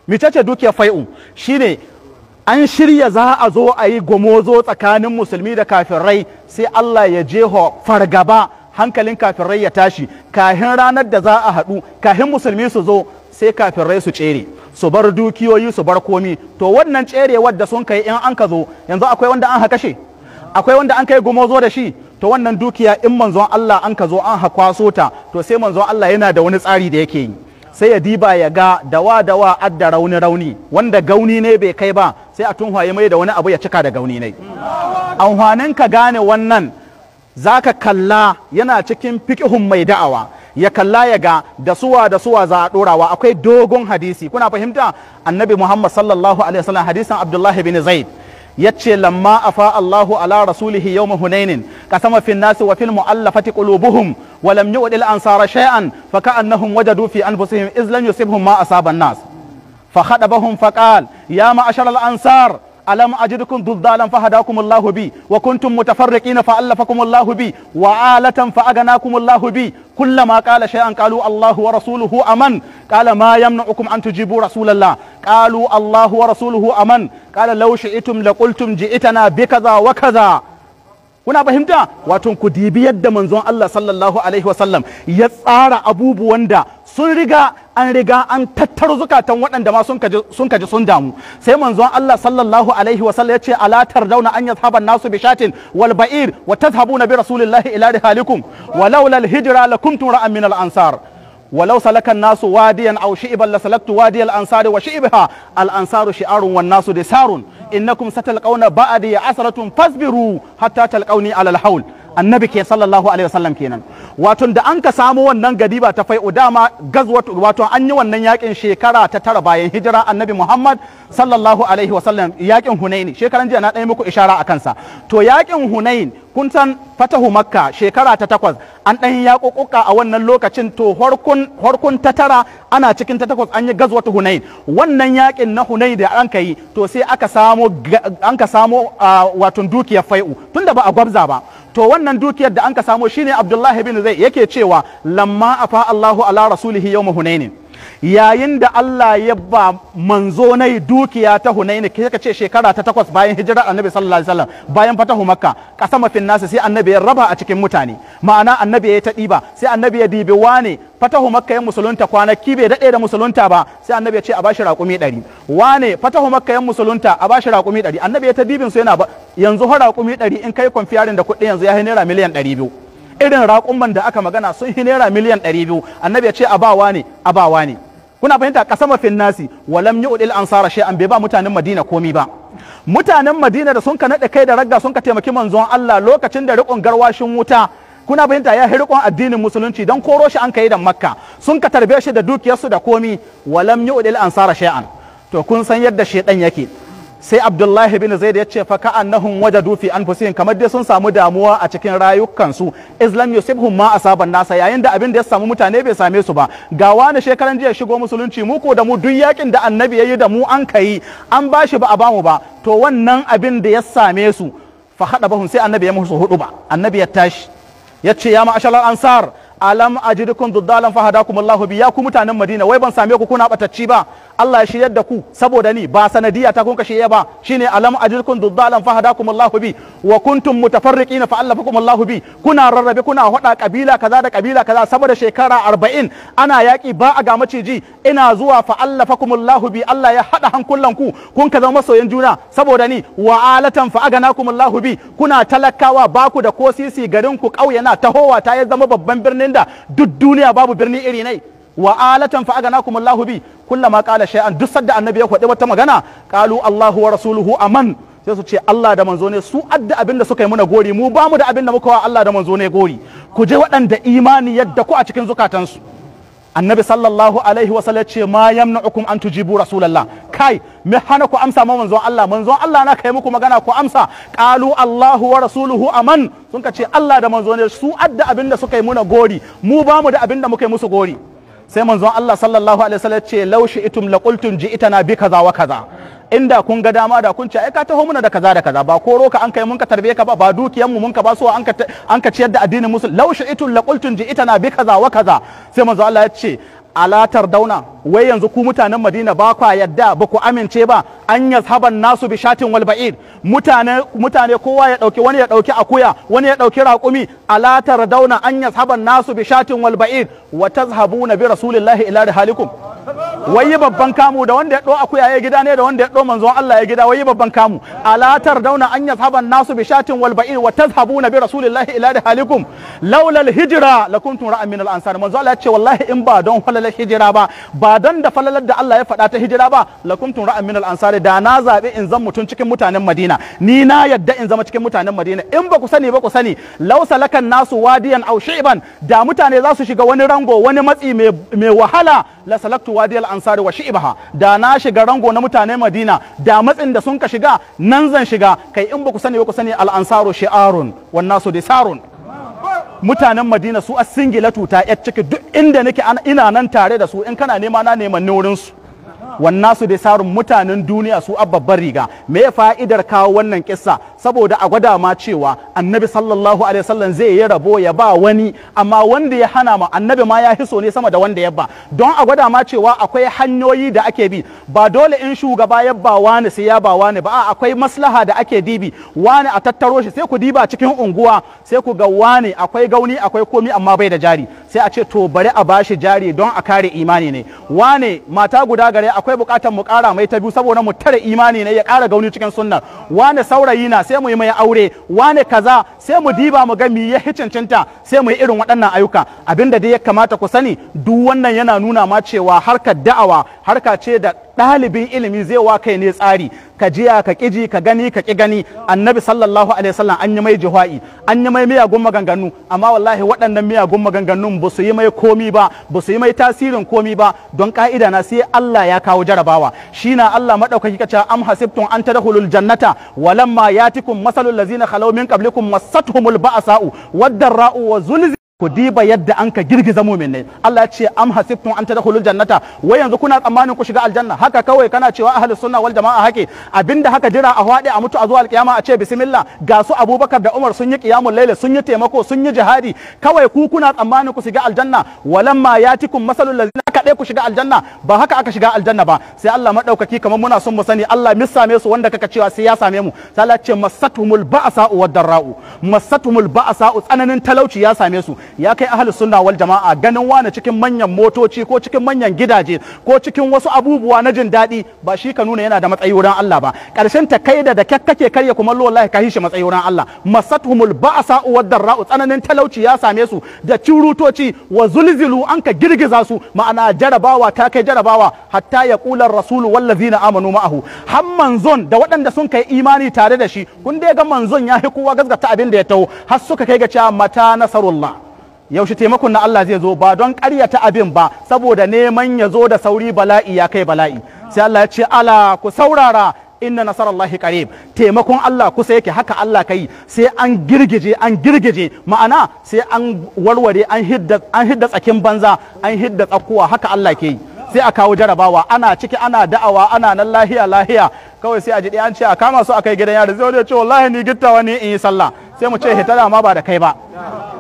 mitace dukiyar fai'u shine an shirya za a zo a yi gomozo tsakanin musulmi da kafirai sai Allah ya jeho fargaba hankalin kafirai ya tashi kahin ranar da za a haɗu kahin musulmi su zo sai kafirai su tsere su bar dukiyoyi su bar komi to wannan tserewar da sun kai in an ka zo yanzu akwai wanda an haka akwai wanda an kai gumozo da shi to wannan dukiya in manzon Allah an ka zo an hakwaso ta to sai manzon Allah yana da wani tsari da yake yi sai ya diba ya ga dawa dawa adda rauni rauni wanda gauni ne bai kai ba sai a tunhaye mai da wani abu ya cika da gauni ne amfanin ka gane wannan za ka kalla yana cikin fiƙihun mai da'awa ya kalla ya ga da suwa da suwa za a ɗorawa akwai dogon hadisi kuna fahimta annabi muhammad sallallahu alaihi wasallam hadisan abdullahi bin zaid ya ce lamma afa allahu ala rasulihi mu hunainin kasama fin nasi wa fil mu'allafati qulubuhum wa lam yu'd al ansara shay'an fa ka'annahum wajadu fi anfusihim iz lam yusibhum ma asaba an-nas fa khadabahum fa qala ya ma'ashara al ansar alam ajidukum duddalan fahadakum Allahu bi wa kuntum mutafarriqin fa'allafakum Allahu bi wa alatan fa'aganakum Allahu bi kullama qala shay'an qalu Allahu wa rasuluhu aman qala ma yamna'ukum an tujibu rasulallah qalu Allahu wa rasuluhu aman qala law shi'tum laqultum ji'tana bi kaza wa kaza kuna fahimta wato ku dibi yadda manzon Allah sallallahu alaihi wasallam ya tsara abubuwan da sun riga an riga an tattaro zukatan waɗanda ma sun kaji sun damu sai manzon Allah sallallahu alaihi wasallam ya ce ala dauna an yadhhaba nasu bi shatin wal ba'ir wa tadhhabuna bi rasulillahi ila rihalikum wa laula al hijra lakuntum ra'an min al ansar walau salakan nasu wadiyan aw shi'ban la salaktu wadiyal ansari wa shi'baha al ansaru shi'arun wan nasu disarun innakum satalqawna ba'di asratun fasbiru hatta talqawni ala al annabi ke sallallahu alaihi wasallam kenan wato da an ka samu wannan gadiba ta fai udama gazwatu wato an yi wannan yakin shekara ta tara bayan hijira annabi muhammad sallallahu alaihi wasallam yakin hunain shekaran jiya na ɗaya muku ishara a kansa to yakin hunain kun san fatahu makka shekara ta takwas an ɗan ya ƙuƙuƙa a wannan lokacin to horkun ta tara ana cikin ta takwas an yi gazwatu hunai. wannan yakin na hunai da an yi to sai aka samo an ka samo watan dukiyar fai'u tun da ba a gwabza ba to wannan dukiyar da an ka samo shine abdullahi bin zai yake cewa lamma afa allahu ala rasulihi yawma hunainin yayin da Allah ya ba manzo na dukiya ta Hunaini kai ka ce shekara ta takwas bayan hijirar Annabi sallallahu alaihi wasallam bayan fatahu Makka kasama fin nasi sai Annabi ya raba a cikin mutane ma'ana Annabi ya ta diba sai Annabi ya dibi wane fatahu Makka ya musulunta kwanaki bai dade da musulunta ba sai Annabi ya ce a bashi raƙumi 100 wane fatahu Makka ya musulunta a bashi raƙumi 100 Annabi ya ta dibin su yana yanzu har raƙumi 100 in kai konfiyarin da kuɗi yanzu ya naira miliyan 200 irin raƙumman da aka magana sun yi naira miliyan 200 annabi ya ce abawa ne abawa ne kuna fahimta kasama fin nasi walam yu'dil ansara an bai ba mutanen madina komi ba mutanen madina da sun ka naɗe kai da ragga sun ka taimaki manzon Allah lokacin da riƙon garwashin wuta kuna fahimta ya riƙon addinin musulunci don koro shi an kai da makka sun ka tarbe shi da dukiyarsu da komi walam yu'dil ansara an to kun san yadda shedan yake sai abdullahi bin zaid ya ce fa ka'annahum wajadu fi anfusihim kamar dai sun samu damuwa a cikin rayukansu islam yusibhum ma asaban nasa yayin da abin da ya samu mutane bai same su ba ga wani shekaran jiya shigo musulunci mu ko da mu duk yakin da annabi yayi da mu an kai an bashi ba a bamu ba to wannan abin da ya same su fa hada bahum sai annabi ya musu hudu ba annabi ya tashi ya ce ya ma'ashalar ansar alam ajidukum duddalan fa hadakum Allahu bi ya ku mutanen Madina wai ban same ku kuna batacci ba Allah ya shiryar da ku saboda ni ba sanadiya ta kun kashe ba shine alam ajirkum duddalan fahadakum Allahu bi wa kuntum mutafarriqina fa allafakum Allahu bi kuna rarrabe kuna hada kabila kaza da kabila kaza saboda shekara 40 ana yaki ba a ga maciji ina zuwa fa allafakum Allahu bi Allah ya hada hankulan ku kun ka zama masoyan juna saboda ni wa alatan fa aganakum Allahu bi kuna talakawa ba ku da ko sisi garin ku kauye na tahowa ta ya zama babban birnin da duk duniya babu birni iri nai wa alatan fa aganakum Allahu bi kullama qala shay'an duk sadda annabi ya kwade wata magana qalu Allahu wa rasuluhu aman sai su ce Allah da manzo ne su adda abin da suka yi muna gori mu bamu da abin da muka wa Allah da manzo ne gori ku je waɗanda imani yadda ku a cikin zukatansu annabi sallallahu alaihi wa sallam ce ma yamna'ukum an tujibu rasulullah kai me hana ku amsa ma manzon Allah manzon Allah na kai muku magana ku amsa qalu Allahu wa rasuluhu aman sun ka ce Allah da manzo ne su adda abin da suka yi muna gori mu bamu da abin da muka yi musu gori sai manzon Allah sallallahu alaihi wasallam ce law shi'tum laqultum ji'tana bi kaza wa kaza inda kun ga dama da kun ce ai ka taho muna da kaza da kaza ba koro ka an kai mun ka tarbe ka ba ba dukiyan mu mun ka ba su an ka an ka ciyar da addinin musulmi law shi'tum laqultum na bi kaza wa kaza sai manzon Allah ya ce alatar dauna wai yanzu ku mutanen madina ba kwa yadda ba ku amince ba an yazhaban nasu bi shatin wal ba'id mutane mutane kowa ya dauki wani ya dauki akuya wani ya dauki raƙumi alatar dauna an yazhaban nasu bi shatin wal ba'id wa tazhabuna bi rasulillahi ila rihalikum wai babban kamu da wanda ya ɗo akuya ya gida ne da wanda ya ɗo manzon Allah ya gida wai babban kamu alatar dauna an yazhaban nasu bi shatin wal ba'ir wa tazhabuna bi rasulillahi ila rihalikum laula al hijra lakuntum ra'an min al ansar manzon Allah ya ce wallahi in ba don halal falalar hijira ba ba dan da falalar da Allah ya faɗa ta hijira ba lakuntum ra'an min al-ansari da na zabe in zan mutum cikin mutanen Madina ni na yadda in zama cikin mutanen Madina in ba ku sani ba ku sani lausa salakan nasu wadiyan aw shi'ban da mutane za su shiga wani rango wani matsi mai wahala la salaktu wadiyal ansari wa shi'baha da na shiga rango na mutanen Madina da matsin da sun ka shiga nan zan shiga kai in ba ku sani ba ku sani al-ansaru shi'arun wan nasu disarun mutanen madina su a singila ta yar ciki duk inda nake ina nan tare da su in kana nema na neman wurin su wannan su dai sarun mutanen duniya su a babbar riga me fa'idar kawo wannan kissa saboda a gwada ma cewa annabi sallallahu alaihi wasallam zai yi rabo ya ba wani amma wanda ya hana ma annabi ma ya hiso ne sama da wanda ya ba don a gwada ma cewa akwai hanyoyi da ake bi ba dole in shugaba ya ba wani sai ya ba wani ba akwai maslaha da ake dibi wani a tattaro shi sai ku diba cikin unguwa sai ku ga wani akwai gauni akwai komi amma bai da jari sai a ce to bari a bashi jari don a kare imani ne Wani mata guda gare akwai bukatar mu kara mai ta biyu saboda mu tare imani ne ya kara gauni cikin sunna Wani saurayi na sai mu yi mai aure wane kaza sai mu diba mu ga mi ya hicincinta sai mu yi irin waɗannan ayyuka abinda dai ya kamata ku sani duk wannan yana nuna ma cewa harkar da'awa harka ce da ɗalibin ilimi zai wa kai ne tsari ka jiya ka kiji ka gani ka ki gani annabi sallallahu alaihi wasallam an yi mai jihwa'i an yi mai miyagun maganganu amma wallahi waɗannan miyagun maganganun ba su yi mai komi ba ba su yi mai tasirin komi ba don ka'ida na sai Allah ya kawo jarabawa shi na Allah madaukaki kace am hasibtum an tadkhulul jannata walamma yatikum masalul ladzina khalaw min qablikum massatuhumul ba'sa'u wad-dara'u wa zulzi ku diba yadda an ka girgiza muminai Allah ya ce am hasibtum an tadkhulul jannata wai yanzu kuna tsammanin ku shiga aljanna haka kawai kana cewa ahli sunna wal jamaa hake abinda haka jira a hwade a mutu a zuwa alkiyama a ce bismillah ga su Abubakar da Umar sun yi qiyamul layl sun yi taimako sun yi jihadi kawai ku kuna tsammanin ku shiga aljanna walamma yatikum masalul kaɗai ku shiga aljanna ba haka aka shiga aljanna ba sai Allah maɗaukaki kamar muna son mu sani Allah mis same su wanda kaka cewa sai ya same mu sai Allah ce masatumul ba'sa wa darra'u masatumul ba'sa tsananin talauci ya same su ya kai ahlus sunna wal jama'a ganin wani cikin manyan motoci ko cikin manyan gidaje ko cikin wasu abubuwa na jin daɗi ba shi ka nuna yana da matsayi wurin Allah ba ƙarshen ta kai da da kake karya kuma wallahi ka hishe matsayi wurin Allah masatumul ba'sa wa darra'u tsananin talauci ya same su da rutoci wa zulzilu an ka girgiza su ma'ana jarabawa ta kai jarabawa hatta ya kular rasulu wallazina amanu ma'ahu har manzon da waɗanda sun kai imani tare da shi kun dai ga manzon ya kowa gaskata abin da ya taho har suka kai ga cewa mata nasarullah yaushe taimakon na Allah zai zo ba don karyata abin ba saboda neman ya zo da sauri bala'i ya kai bala'i sai Allah ya ce ala ku saurara inna nasarallahi qarib taimakon Allah kusa yake haka Allah kai sai an girgije an girgije ma'ana sai an warware an hidda an hidda tsakin banza an hidda tsakuwa haka Allah ke sai a kawo jarabawa ana ciki ana da'awa ana nan lahiya lahiya kawai sai a jiɗi an ce a kama su akai gidan yari zai ce wallahi ni gittawa ni in yi sallah sai mu ce hita ma ba da kai ba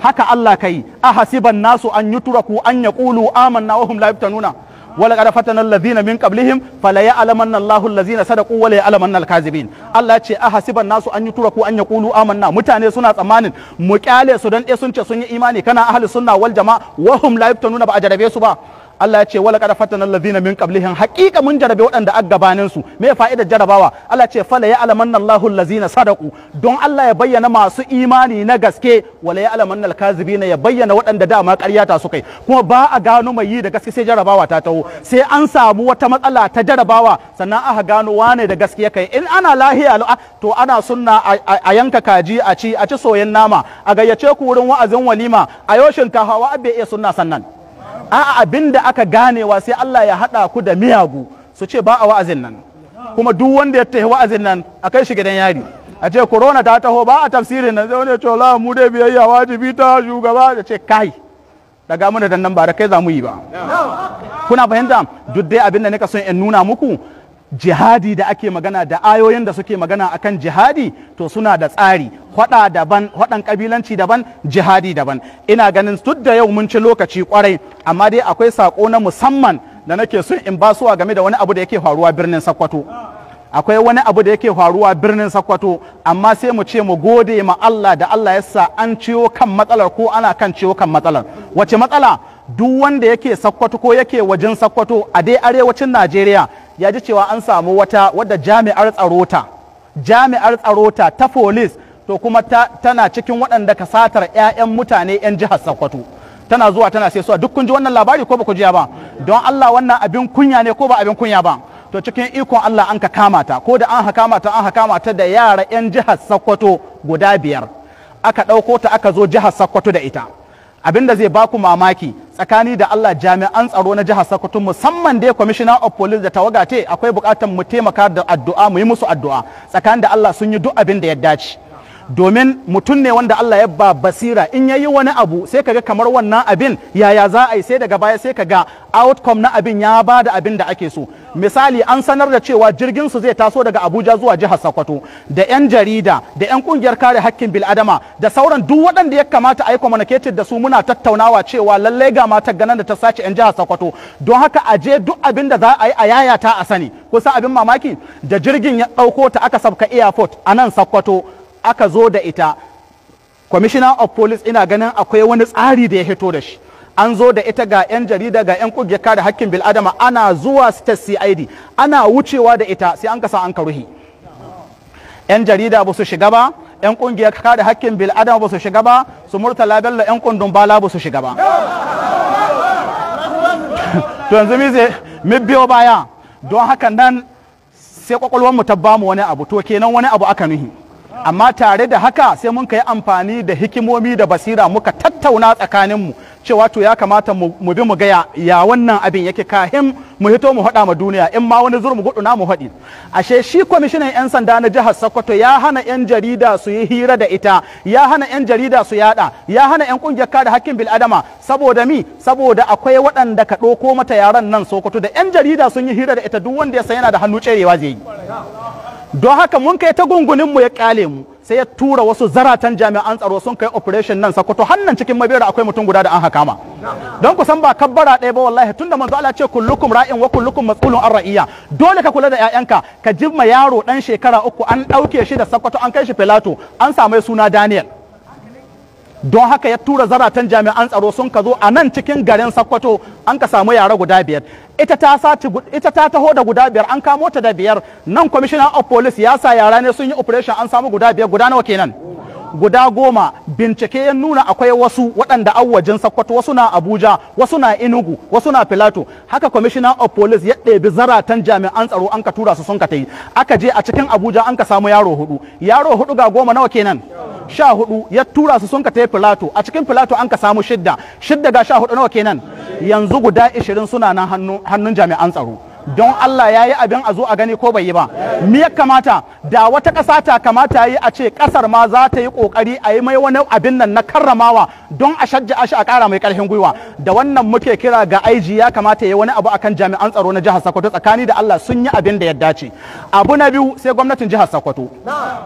haka Allah kai a hasiban nasu an yuturaku an yaqulu amanna wa hum la yaftanuna wala qad fatana allazina min qablihim fala ya'lamanna Allahu allazina sadaqu wala ya'lamanna al-kazibin Allah ce a hasiban nasu an yi tura turaku an yaqulu amanna mutane suna tsammanin mu ƙyale su dan dai sun ce sun yi imani kana ahli sunna wal jama'a wahum hum la yaftanuna ba a jarabe su ba Allah ya ce wala qad fatana allazina min qablihim haqiqa mun jarabe waɗanda aka gabanin su me fa'idar jarabawa Allah ce fala ya alamanna Allahu allazina sadaku don Allah ya bayyana masu imani na gaske wala ya alamanna alkazibina ya bayyana waɗanda ma ƙarya ta su kai. kuma ba a gano mai yi da gaske sai jarabawa ta taho sai an samu wata matsala ta jarabawa sannan aka gano wane da gaske kai in ana lahiya to ana sunna a yanka kaji a ci a ci soyayyen nama a gayyace ku wurin wa'azin walima a yau shinkafa wa abbe iya sunna sannan a'a abin da aka ganewa sai Allah ya haɗa ku da miyagu su ce ba a wa'azin nan kuma duk wanda ya tafi wa'azin nan a kai shi gidan yari a ce corona ta taho ba a tafsirin nan zai wani ce la mu dai biyayya wajibi ta shugaba da ce kai daga mana dan nan ba da kai za mu yi ba kuna fahimta duk dai abin da nika son in nuna muku jihadi da ake magana da ayoyin da suke magana akan jihadi to suna da tsari hwada daban hwadan kabilanci daban jihadi daban ina ganin duk da yau mun ci lokaci kwarai amma dai akwai sako na musamman da nake so in ba suwa game da wani abu da yake faruwa birnin Sokoto akwai wani abu da yake faruwa birnin Sokoto amma sai mu ce mu gode ma Allah da Allah ya sa an ciwo kan matsalar ko ana kan ciwo kan matsalar wace matsala duk wanda yake Sokoto ko yake wajen Sokoto a dai arewacin Najeriya ya ji cewa an samu wata wadda jami'ar tsarota ta jami'ar tsaro ta ta to kuma tana cikin waɗanda kasatar 'ya'yan mutane 'yan jihar Sokoto tana zuwa tana sai suwa duk kun ji wannan labari ko ba ku ji ba don Allah wannan abin kunya ne ko ba abin kunya ba to cikin ikon Allah an ka kama ta ko da an haka mata an haka kama ta da yara 'yan jihar Sokoto guda biyar aka ɗauko ta aka zo jihar Sokoto da ita abin da zai baku mamaki tsakani da Allah jami'an tsaro na jihar Sokoto musamman dai commissioner of police da tawaga te akwai bukatar mu taimaka da addu'a mu yi musu addu'a tsakani da Allah sun yi duk abin da ya dace domin mutum ne wanda Allah ya ba basira in yayi wani abu sai kaga kamar wannan abin yaya za a yi sai daga baya sai kaga outcome na abin ya ba da abin da ake so misali an sanar da cewa jirgin su zai taso daga Abuja zuwa jihar Sokoto da yan jarida da yan kungiyar kare hakkin bil'adama da sauran duk waɗanda ya kamata a yi communicated da su muna tattaunawa cewa lallai ga matar ganan da ta sace yan jihar Sokoto don haka a je duk abin da za a yi a yayata a sani kusa abin mamaki da jirgin ya ɗauko ta aka sabka airport a nan Sokoto aka zo da ita commissioner of police ina ganin akwai wani tsari da ya hito da shi an zo da ita ga 'yan jarida ga 'yan kungiyar kare hakkin bil'adama ana zuwa state cid ana wucewa da ita sai an kasa an karuhi 'yan jarida ba su shiga ba 'yan kungiyar kare hakkin bil'adama ba su shiga ba su murtala bello 'yan kundin bala ba su shiga ba to yanzu mi biyo baya don haka nan sai kwakwalwar mu ta bamu wani abu to kenan wani abu aka nuhi amma tare da haka sai mun kai amfani da hikimomi da basira muka tattauna tsakaninmu cewa to ya kamata mu bi mu gaya ya wannan abin yake kahin mu hito mu haɗa ma duniya in ma wani zurmu gudu na mu haɗi ashe shi kwamishinan 'yan sanda na jihar sokoto ya hana 'yan jarida su yi hira da ita ya hana 'yan jarida su yada ya hana 'yan kungiyar kare hakkin bil'adama saboda mi saboda akwai waɗanda ka ɗauko mata yaran nan sokoto da 'yan jarida sun yi hira da ita duk wanda ya san yana da hannu cerewa zai yi don haka mun kai ta gungunin mu ya kyale mu sai ya tura wasu zaratan jami'an tsaro sun kai operation nan sakoto hannan cikin mabera akwai mutum guda da an haka ma don ku san ba kabbara ɗaya ba wallahi tunda manzo Allah ce kullukum ra'in wa kullukum mas'ulun an ra'iya dole ka kula da ƴaƴanka ka jimma yaro dan shekara uku an ɗauke shi da sakoto an kai shi filato an samu suna Daniel don haka ya tura zaratan jami'an tsaro sun ka zo a nan cikin garin sakkwato an ka samu yara guda biyar ita ta taho da guda biyar an kamo ta da biyar nan commissioner of police ya sa yara ne sun yi operation an samu guda biyar guda nawa kenan guda goma bincike ya nuna akwai wasu waɗanda awajin sakkwato wasu na abuja wasu na inugu wasu na filato haka commissioner of police ya ɗebi zaratan jami'an tsaro an ka tura su sun ka ta yi aka je a cikin abuja an ka samu yaro hudu yaro hudu ga goma nawa kenan sha hudu ya tura su sun ka ta yi filato a cikin filato an ka samu shidda shidda ga sha hudu nawa kenan yanzu guda ishirin suna nan hannun jami'an tsaro don Allah ya yi abin a zo a gani ko bai yi ba me ya kamata da wata ƙasa ta kamata yi a ce ƙasar ma za ta yi ƙoƙari a yi mai wani abin nan na karramawa don a shajja shi a ƙara mai ƙarfin gwiwa da wannan muke kira ga IG ya kamata yi wani abu akan jami'an tsaro na jihar Sokoto tsakani da Allah sun yi abin da ya dace abu na biyu sai gwamnatin jihar Sokoto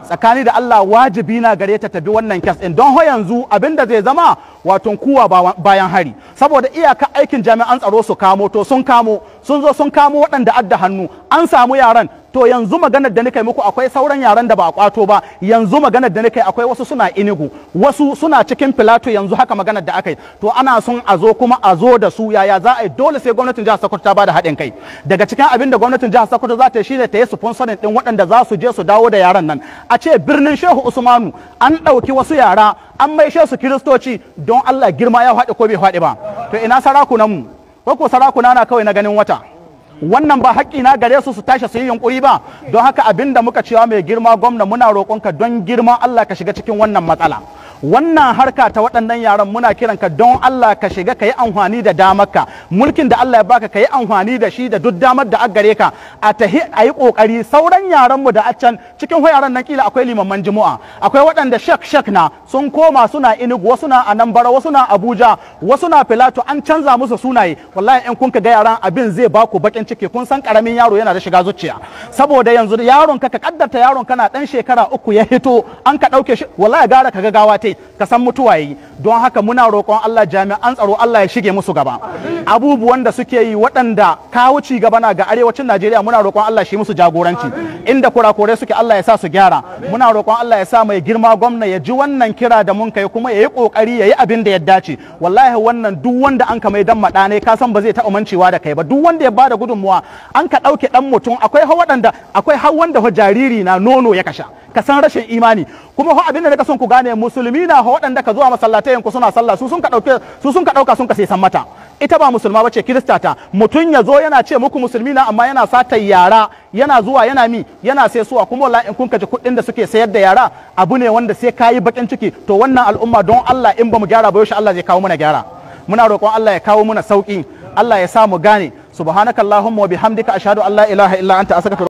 tsakani da Allah wajibi na gare ta bi wannan kes ɗin don ho yanzu abin da zai zama wato kuwa bayan hari saboda iyaka aikin jami'an tsaro su kamo to sun kamo sun zo sun kamo waɗanda adda hannu an samu yaran to yanzu maganar da nake muku akwai sauran yaran da ba a kwato ba yanzu maganar da nake akwai wasu suna inigu wasu suna cikin filato yanzu haka maganar da aka yi to ana son a zo kuma a zo da su yaya za a yi dole sai gwamnatin jihar Sokoto ta bada haɗin kai daga cikin abin da gwamnatin jihar Sokoto za ta yi shine ta yi sponsoring din waɗanda za su je su dawo da yaran nan a ce birnin Shehu Usmanu an ɗauki wasu yara an mai su kiristoci don Allah girma ya haɗe ko bai haɗe ba to ina sarakunan mu ko ko sarakuna na kawai na ganin wata wannan ba haƙƙi na gare su su tashi su yi yunƙuri ba don haka abinda muka cewa mai girma gwamna muna roƙonka don girma Allah ka shiga cikin wannan matsala wannan harka ta waɗannan yaran muna kiran ka don Allah ka shiga ka yi amfani da damarka mulkin da Allah ya baka ka yi amfani da shi da duk damar da gare ka a tahi a yi kokari sauran yaran mu da a can cikin yaran nan kila akwai limamman jumu'a akwai waɗanda shek shek na sun koma suna inugu wasu na anambra wasu na abuja wasu na filato an canza musu sunaye wallahi in kun ka ga yaran abin zai baku bakin ciki kun san karamin yaro yana da shiga zuciya saboda yanzu yaron ka ka kaddarta yaron kana dan shekara uku ya hito an ka dauke shi wallahi gara ka ga gawa tai ka san mutuwa yi don haka muna roƙon Allah jami'an tsaro Allah ya shige musu gaba abubuwan da suke yi waɗanda kawo ci gaba na ga arewacin Najeriya muna roƙon Allah shi musu jagoranci inda kurakure suke Allah ya sa su gyara muna roƙon Allah ya sa mai girma gwamna ya ji wannan kira da mun kai kuma ya yi ƙoƙari ya yi abin da ya dace wallahi wannan duk wanda an ka mai dan maɗa ka san ba zai taɓa mancewa da kai ba duk wanda ya bada gudunmuwa an ka ɗauke ɗan mutum akwai waɗanda akwai har wanda jariri na nono ya kasha ka san rashin imani kuma ho abin da naka son ku gane musulmi na ho waɗanda ka zuwa masallatayen ku suna sallah su sun ka dauke su sun ka dauka sun ka sai san mata ita ba musulma bace kirista ta mutum ya zo yana ce muku musulmi na amma yana sata yara yana zuwa yana mi yana sai suwa kuma wallahi in kun kaji kuɗin da suke sayar da yara abu ne wanda sai kayi bakin ciki to wannan al'umma don Allah in ba mu gyara ba yaushe Allah zai kawo mana gyara muna roƙon Allah ya kawo mana sauki Allah ya sa mu gane subhanakallahumma wa bihamdika ashhadu an la ilaha illa anta astaghfiruka